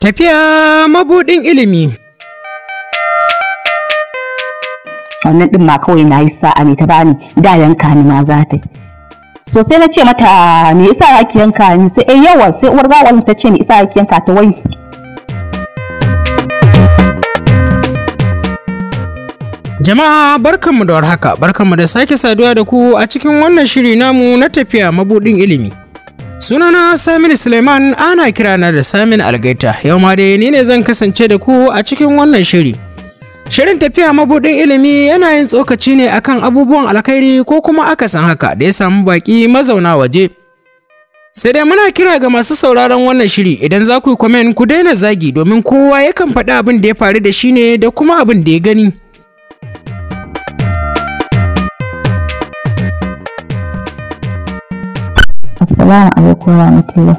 Tafiya mabuɗin ilimi. Wannan ɗin ma kawai na yi sa'a ne ta bani da yanka ni ma za ta yi. So sai na ce mata me ya ki yanka ni sai eh yawa sai uwar bawa ta ce me ya ki yanka ta wai. Jama'a barkanmu da warhaka barkanmu da sake saduwa da ku a cikin wannan shiri namu na tafiya mabuɗin ilimi. Sunana Samin Suleiman ana kirana da Samin Algaita. Yau ma dai ni ne zan kasance da ku a cikin wannan shiri. Shirin tafiya mabudin ilimi yana yin tsokaci ne akan abubuwan alkhairi ko kuma aka san haka da ya samu baki mazauna waje. Sai dai muna kira ga masu sauraron wannan shiri idan za ku yi kwamen ku daina zagi domin kowa yakan faɗi abin da ya faru da shi ne da kuma abin da ya gani. Assalamu alaikum wa rahmatullah.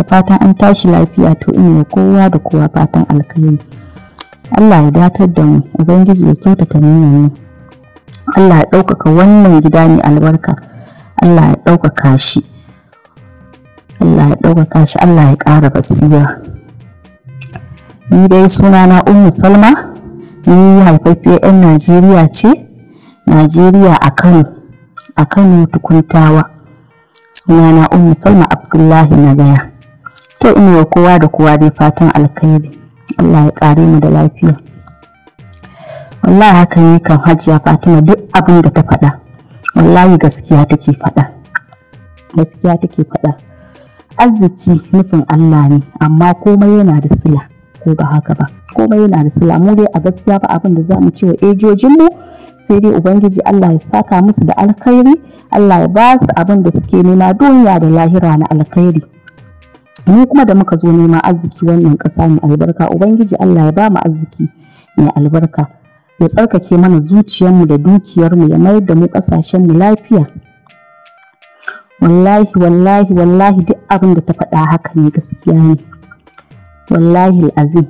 Da fatan an tashi lafiya to ina kowa da kowa fatan alkhairi. Allah ya datar da mu, Ubangiji ya kyautata niyyar mu. Allah ya ɗaukaka wannan gida mai albarka. Allah ya ɗaukaka shi. Allah ya ɗaukaka shi, Allah ya ƙara basira. Ni dai suna na Ummu Salma, ni haifaffiyar 'yan Najeriya ce, Najeriya a Kano, a Kano tukuntawa. sunana ummu salma abdullahi na gaya to ina wa kowa da kowa dai fatan alkhairi allah ya kare mu da lafiya wallahi haka ne kan hajiya fatima duk abin da ta faɗa wallahi gaskiya take faɗa gaskiya take faɗa arziki nufin allah ne amma komai yana da sila ko ba haka ba komai yana da sila mu dai a gaskiya ba abin da za mu ce wa ejojinmu sai dai ubangiji Allah ya saka musu da alkhairi Allah ya ba su abin da suke nema duniya da lahira na alkhairi Ni kuma da muka zo neman arziki wannan ƙasa mai albarka ubangiji Allah ya ba mu arziki mai albarka ya tsarkake mana zuciyarmu da dukiyarmu ya mayar da mu mu lafiya wallahi wallahi wallahi duk abin da ta faɗa haka ne gaskiya ne wallahi azim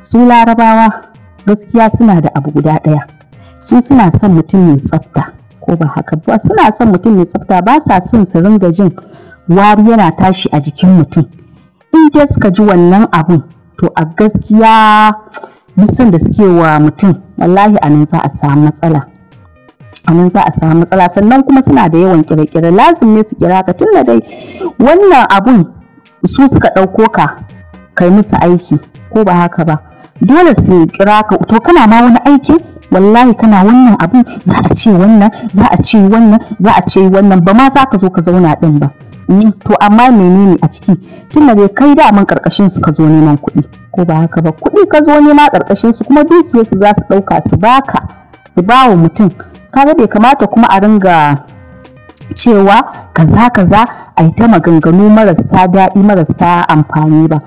su larabawa gaskiya suna da abu guda ɗaya su suna son mutum mai tsafta ko ba haka ba suna son mutum mai tsafta ba sa son su ringa jin wari yana tashi a jikin mutum in dai suka ji wannan abun to a gaskiya duk da suke wa mutum wallahi a nan za a samu matsala a nan za a samu matsala sannan kuma suna da yawan kire-kire lazim ne su kira ka tunda dai wannan abun su suka ɗauko ka kai musu aiki ko ba haka ba dole su kira ka to kana ma wani aiki? wallahi kana wannan abin za a ce wannan za a ce wannan za a ce wannan ba ma za ka zo ka zauna din ba mm, to amma menene a ciki tun da kai man karkashin su ka zo neman kuɗi ko ba haka ba kuɗi ka zo nema karkashin su kuma dukiyar su za su ɗauka su baka su bawa mutum Ka ga bai kamata kuma a ringa cewa kaza kaza a yi ta maganganu marasa daɗi marasa amfani ba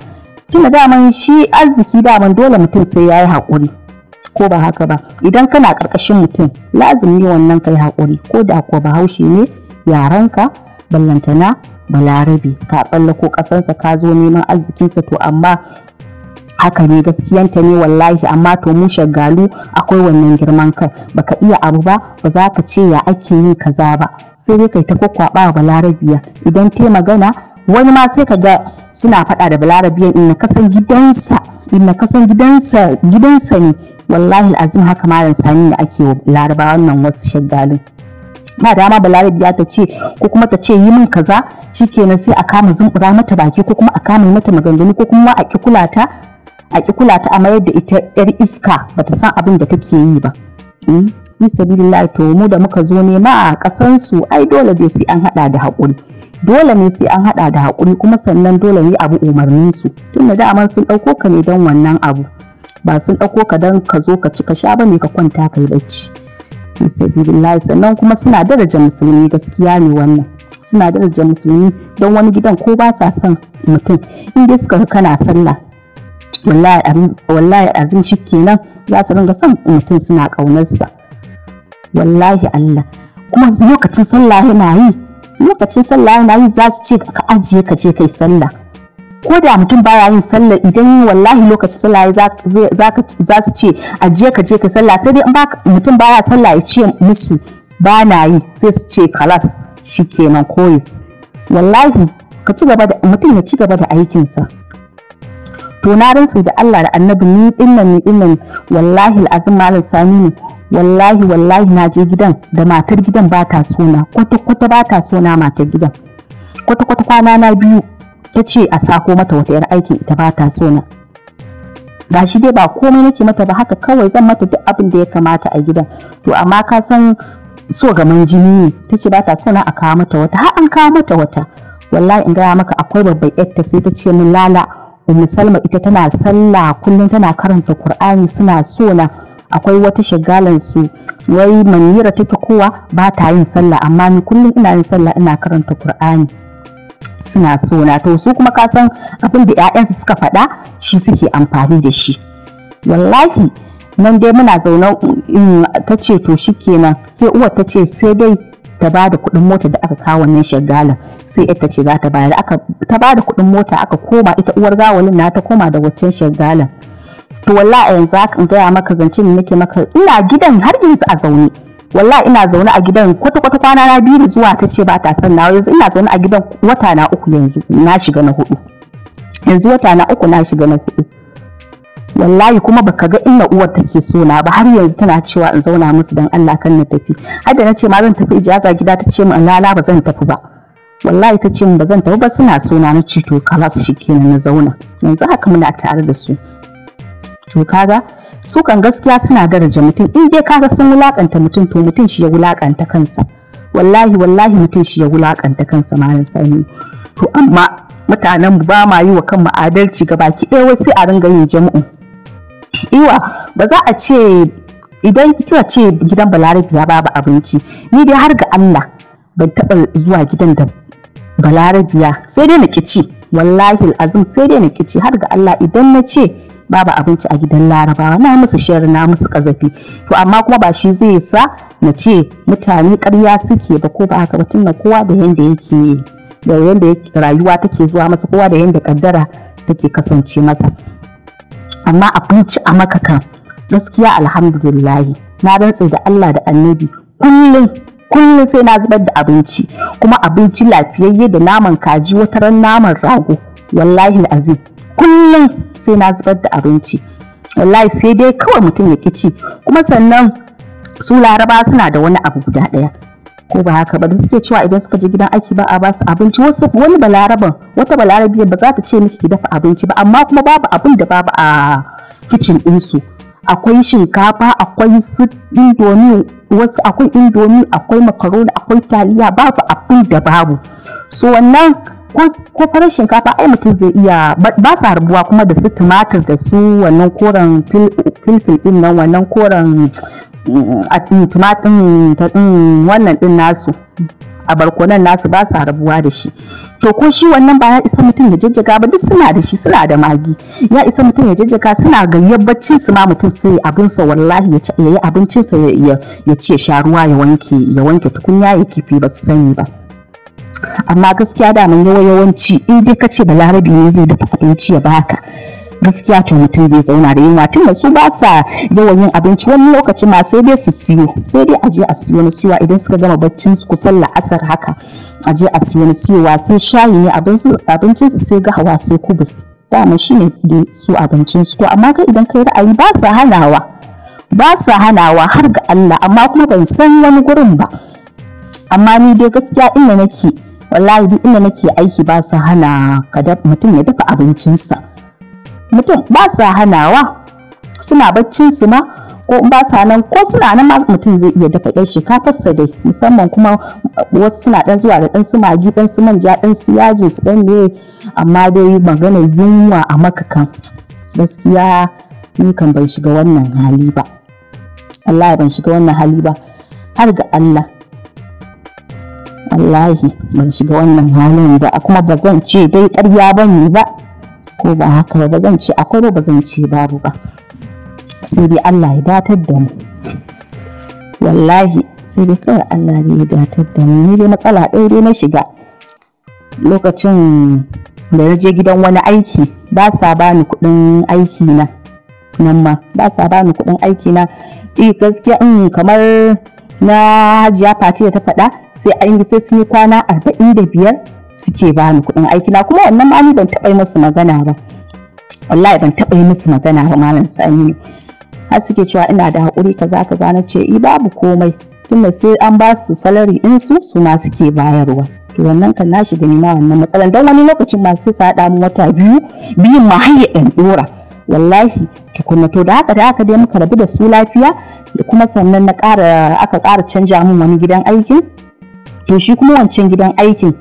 tunda daman shi arziki daman dole mutum sai ya yi haƙuri ko ba haka ba idan kana ƙarƙashin mutum lazumi wannan kai haƙuri ko da ko bahaushe ne yarenka ballantana Balarabi. ka tsallako ƙasarsa ka zo neman arzikinsa to amma haka ne gaskiyanta ne wallahi amma to mu shagalu akwai wannan girman kai baka iya abu ba ba za ka ce ya ake yin kaza ba sai dai kai ta kwakwaba balarabiya idan te magana wani ma sai ka ga suna faɗa da balarabiyan na kasan gidansa na kasan gidansa gidansa ne wallahi azim haka ma sani da ake wa laraba wannan wasu shaggalin ba dama balarabiya ta ce ko kuma ta ce yi min kaza shikenan sai a kama zumbura mata baki ko kuma a kama mata maganganu ko kuma a ki kula ta a ki kula a mayar da ita yar iska bata san abin da take yi ba hmm? bisa billahi to mu da muka zo nema a kasan su ai dole dai sai an hada da haƙuri dole ne sai an haɗa da haƙuri kuma sannan dole ne abu umarnin su da dama sun ɗauko ka ne don wannan abu ba sun ɗauko ka don ka zo ka ci ka sha bane ka kwanta ka yi bacci sabilillahi sannan kuma suna daraja musulmi gaskiya ne wannan suna daraja musulmi don wani gidan ko ba sa son mutum in dai suka kana sallah wallahi azin shi kenan za su ringa son mutum suna ƙaunarsa wallahi Allah kuma lokacin sallah yana yi lokacin sallah yana yi za su ce ka ajiye ka je kai sallah ko da mutum baya yin sallah idan wallahi lokacin sallah za su ce ajiye ka je kai sallah sai dai in mutum baya sallah ya ce musu ba na yi sai su ce kalas kenan koyis wallahi ka ci gaba da mutum ya ci gaba da aikinsa to na rantsi da Allah da annabi ni dinnan ni dinnan wallahi al'azim malam sani ne wallahi wallahi na je gidan da matar gidan ba ta sona kwata kwata ba ta sona matar gidan kwata kwata kwana na biyu ta ce a sako mata wata yar aikin ita ba ta sona Ba shi dai ba komai nake mata ba haka kawai zan mata duk abin da ya kamata a gidan to amma ka san so gaman jini ne ta ce ba ta sona a kawo mata wata har an kawo mata wata wallahi in gaya maka akwai babban yarta sai ta ce min lala umu salma ita tana sallah kullum tana karanta qur'ani suna sona akwai wata shagalan su wai manira take kowa ba ta yin sallah amma ni kullum ina yin sallah ina karanta Kur'ani. suna so na to su kuma kasan abin da 'ya'yansu suka faɗa shi suke amfani da shi wallahi nan dai muna zaune ta ce to shi kenan sai uwar ta ce sai dai ta ba da kuɗin mota da aka kawo wannan shagalan sai ita ce za ta bayar ta ba da kuɗin mota aka koma ita uwar gawalin na ta koma da waccan shagalan to wallahi yanzu haka in gaya maka zance ne nake maka ina gidan har yanzu a zaune wallahi ina zaune a gidan kwata kwata kwana na biyu zuwa ta ce ba ta son na yanzu ina zaune a gidan wata na uku yanzu na shiga na hudu yanzu wata na uku na shiga na hudu wallahi kuma baka ga inna uwar take so na ba har yanzu tana cewa in zauna musu dan Allah kan na tafi har da na ce ma zan tafi ijaza gida ta ce min lala ba zan tafi ba wallahi ta ce min ba zan tafi ba suna so na na ce to kalas shikenan na zauna yanzu haka muna tare da su to kaga su kan gaskiya suna daraja mutum in dai kaga sun wulakanta mutum to mutum shi ya wulakanta kansa wallahi wallahi mutum shi ya wulakanta kansa malam sani to amma mutanen mu ba ma yi wa kanmu adalci ga baki ɗaya wai sai a ringa yin jam'u iwa ba za a ce idan kika ce gidan balarabi ya babu abinci ni dai har ga Allah ban taɓa zuwa gidan da balarabiya sai dai na ci wallahi azum sai dai na ci har ga Allah idan na ce babu abinci a gidan larabawa na musu shari na musu kazafi to amma kuma ba shi zai sa na ce mutane karya suke ba ko ba haka batun na kowa da yanda yake da yanda rayuwa take zuwa masa kowa da yanda kaddara take kasance masa amma abinci a maka kan gaskiya alhamdulillahi na rantse da Allah da annabi kullum kullum sai na zubar da abinci kuma abinci lafiyayye da naman kaji wataran naman rago wallahi azim kullum sai na zubar da abinci wallahi sai dai kawai mutum ya ci kuma sannan su laraba suna da wani abu guda ɗaya ko ba haka ba da suke cewa idan suka je gidan aiki ba a basu abinci wasu wani balaraban wata balarabiyar ba za ta ce miki ki dafa abinci ba amma kuma babu abin da babu a kicin ɗinsu akwai shinkafa akwai su indomi wasu akwai indomi akwai makaroni akwai taliya babu abin da babu so wannan ko farar shinkafa ai mutum zai iya ba sa harbuwa kuma da su tumatir da su wannan koren filfil din nan wannan koren a mm, tumatin mm, mm, wannan din nasu a barkonan nasu ba su harbuwa da shi to ko shi wannan ba ya isa mutum ya jajjaga ba duk suna da shi suna da magi ya isa mutum ya jajjaga suna gayyar baccin su ma mutum sai sa, wallahi ya yi sa ya ya sha ruwa ya wanke ya wanke tukunya ya kifi ba su sani ba amma gaskiya da mun yawa yawanci in dai kace balarabi ne zai dafa abinci ya baka gaskiya to mutum zai zauna da yunwa tunda su ba sa yawan yin abinci wani lokaci ma sai dai su siyo sai dai aje a siyo na siyowa idan suka gama baccin su kusan la'asar haka aje a siyo na siyowa sai shayi ne abincin su sai gahawa sai kubus dama shine da su abincin su ko amma kai idan kai ra'ayi ba sa hanawa ba sa hanawa har ga Allah amma kuma ban san wani gurin ba amma ni dai gaskiya inda nake wallahi duk inda nake aiki ba su hana mutum ya dafa abincinsa mutum ba su hanawa suna su ma ko ba sa nan ko suna nan ma mutum zai iya dafa ɗan shikafarsa dai musamman kuma wasu suna ɗan zuwa da ɗan su magi ɗan su manja ɗan su yaji su ɗan ne amma dai magana yunwa a maka kan gaskiya ni kan ban shiga wannan hali ba Allah ban shiga wannan hali ba har ga Allah wallahi ban shiga wannan halin ba kuma ba zan ce dai ƙarya ba ne ba ko ba haka ba zan ce akwai ba ba zan ce babu ba sai dai Allah ya datar da mu wallahi sai dai kawai Allah ya datar da mu ni dai matsala ɗaya dai na shiga lokacin da na je gidan wani aiki ba sa ba ni kuɗin aiki na nan ma ba sa ba ni kuɗin aiki na eh gaskiya in mm, kamar na hajiya fati da ta faɗa sai an sai sun yi kwana arba'in da biyar suke bani kuɗin aiki na kuma wannan ma ban taɓa yi musu magana ba wallahi ban taɓa yi musu magana ba malam sani har suke cewa ina da haƙuri kaza kaza na ce i eh, babu komai tunda sai an ba su salari ɗin su su ma suke bayarwa to wannan kan na shiga ma wannan matsalan don wani lokacin ma sai su haɗa mu wata biyu biyun ma har ya ɗan ɗora wallahi tukuna to da haka da haka dai muka rabu da su lafiya kuma sannan na ƙara aka ƙara canja mun wani gidan aikin to shi kuma wancan gidan aikin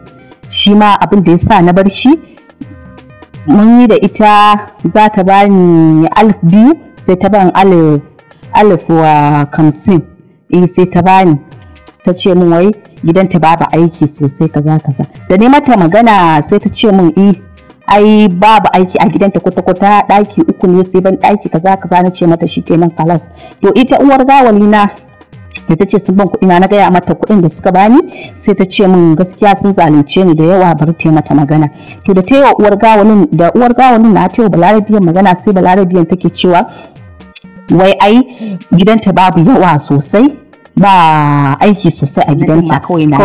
shi ma abin da ya sa na bar shi mun yi da ita za ta ba ni alif biyu sai ta ban alif wa kamsin eh sai ta bani ta ce min wai gidanta babu aiki sosai kaza kaza da ni mata magana sai ta ce min eh ai babu aiki a gidanta kwata kwata daki uku ne sai ban daki kaza kaza na ce mata shikenan kalas to ita uwar gawali na da ta ce sun ban kuɗi na gaya mata kuɗin da suka bani sai ta ce min gaskiya sun zalunce ni da yawa bar ta mata magana to da ta yi uwar gawalin da uwar gawalin na ta yi balarabiyan magana sai balarabiyan take cewa wai ai gidanta babu yawa sosai ba aiki sosai a gidanta kawai ma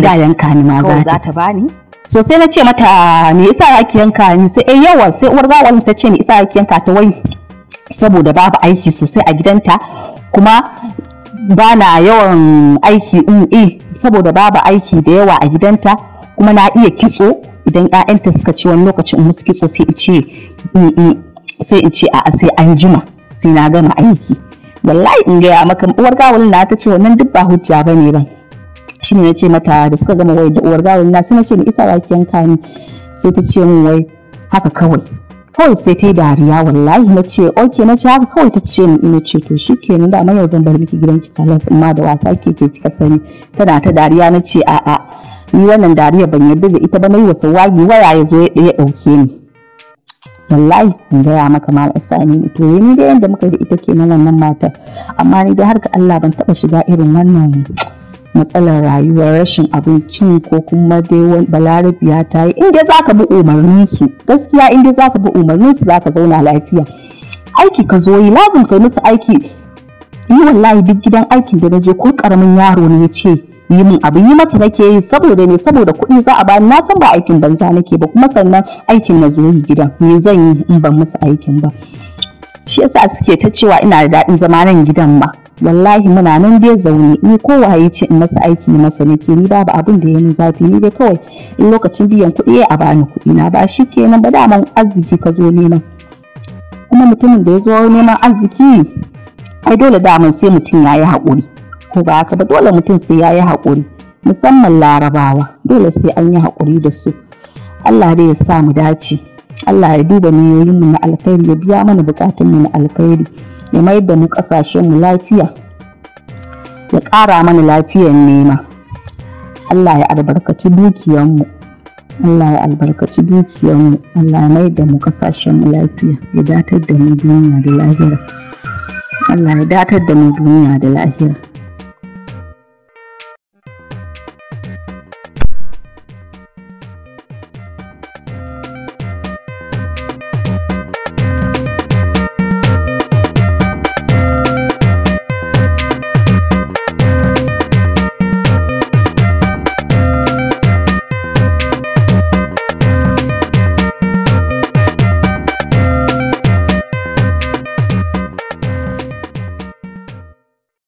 da yanka ni ma za ta bani so sai na ce mata me yasa ake yanka ni sai eh yawa sai uwar gawan ta ce me yasa ake yanka ta wai saboda babu aiki sosai a gidanta kuma ba na yawan aiki in mm, eh saboda babu aiki da yawa a gidanta kuma na iya kitso idan 'ya'yanta suka ce wani lokaci in musu kitso sai in ce mm, mm, sai in ce a sai an jima sai na gama aiki wallahi in gaya maka uwar gawulin na ta ce wannan duk ba hujja bane ba shi ne ce mata da suka gama wai da uwar gawar na sai ce ni isa wa yanka ni sai ta ce min wai haka kawai kawai sai ta yi dariya wallahi na ce ok na ce haka kawai ta ce ni ina ce to shi kenan da amma yau zan bar miki gidanki kalas amma da wasa ke ke kika sani tana ta dariya na ce a'a ni wannan dariya ban yarda da ita ba na yi wasa wagi waya ya zo ya ɗauke ni wallahi in gaya maka mal asani ne to ni dai yanda muka da ita kenan wannan matar amma ni dai har ga Allah ban taɓa shiga irin wannan matsalar rayuwar rashin abincin ko kuma dai balarabiya ta yi inda za ka bi umarninsu gaskiya inda za ka bi umarninsu za ka zauna lafiya aiki ka zo yi lazim kai musu aiki yi wallahi duk gidan aikin da na je ko karamin yaro ne ya ce yi min abin yi masa nake yi saboda ne saboda kuɗi za a bani na san ba aikin banza nake ba kuma sannan aikin na zo yi gidan me zan yi in ban musu aikin ba shi yasa suke ta cewa ina da daɗin zama nan gidan ba. wallahi muna nan dai zaune ni kowa ya ce in masa aiki masa nake ni babu abin da ya min zafi ni dai kawai in lokacin biyan kuɗi a bani kuɗi na ba shi kenan ba daman arziki ka zo neman kuma mutumin da ya zo neman arziki ai dole daman sai mutum ya yi haƙuri ko ba haka ba dole mutum sai ya yi haƙuri musamman larabawa dole sai an yi haƙuri da su Allah dai ya sa mu dace Allah ya duba niyoyinmu na alkhairi ya biya mana bukatun mu na alkhairi ya mai da mu kasashen mu lafiya ya ƙara mana lafiyar nema Allah ya albarkaci dukiyanmu Allah ya albarkaci dukiyanmu Allah ya mai da mu kasashen mu lafiya ya datar da mu duniya da lahira Allah ya datar da mu duniya da lahira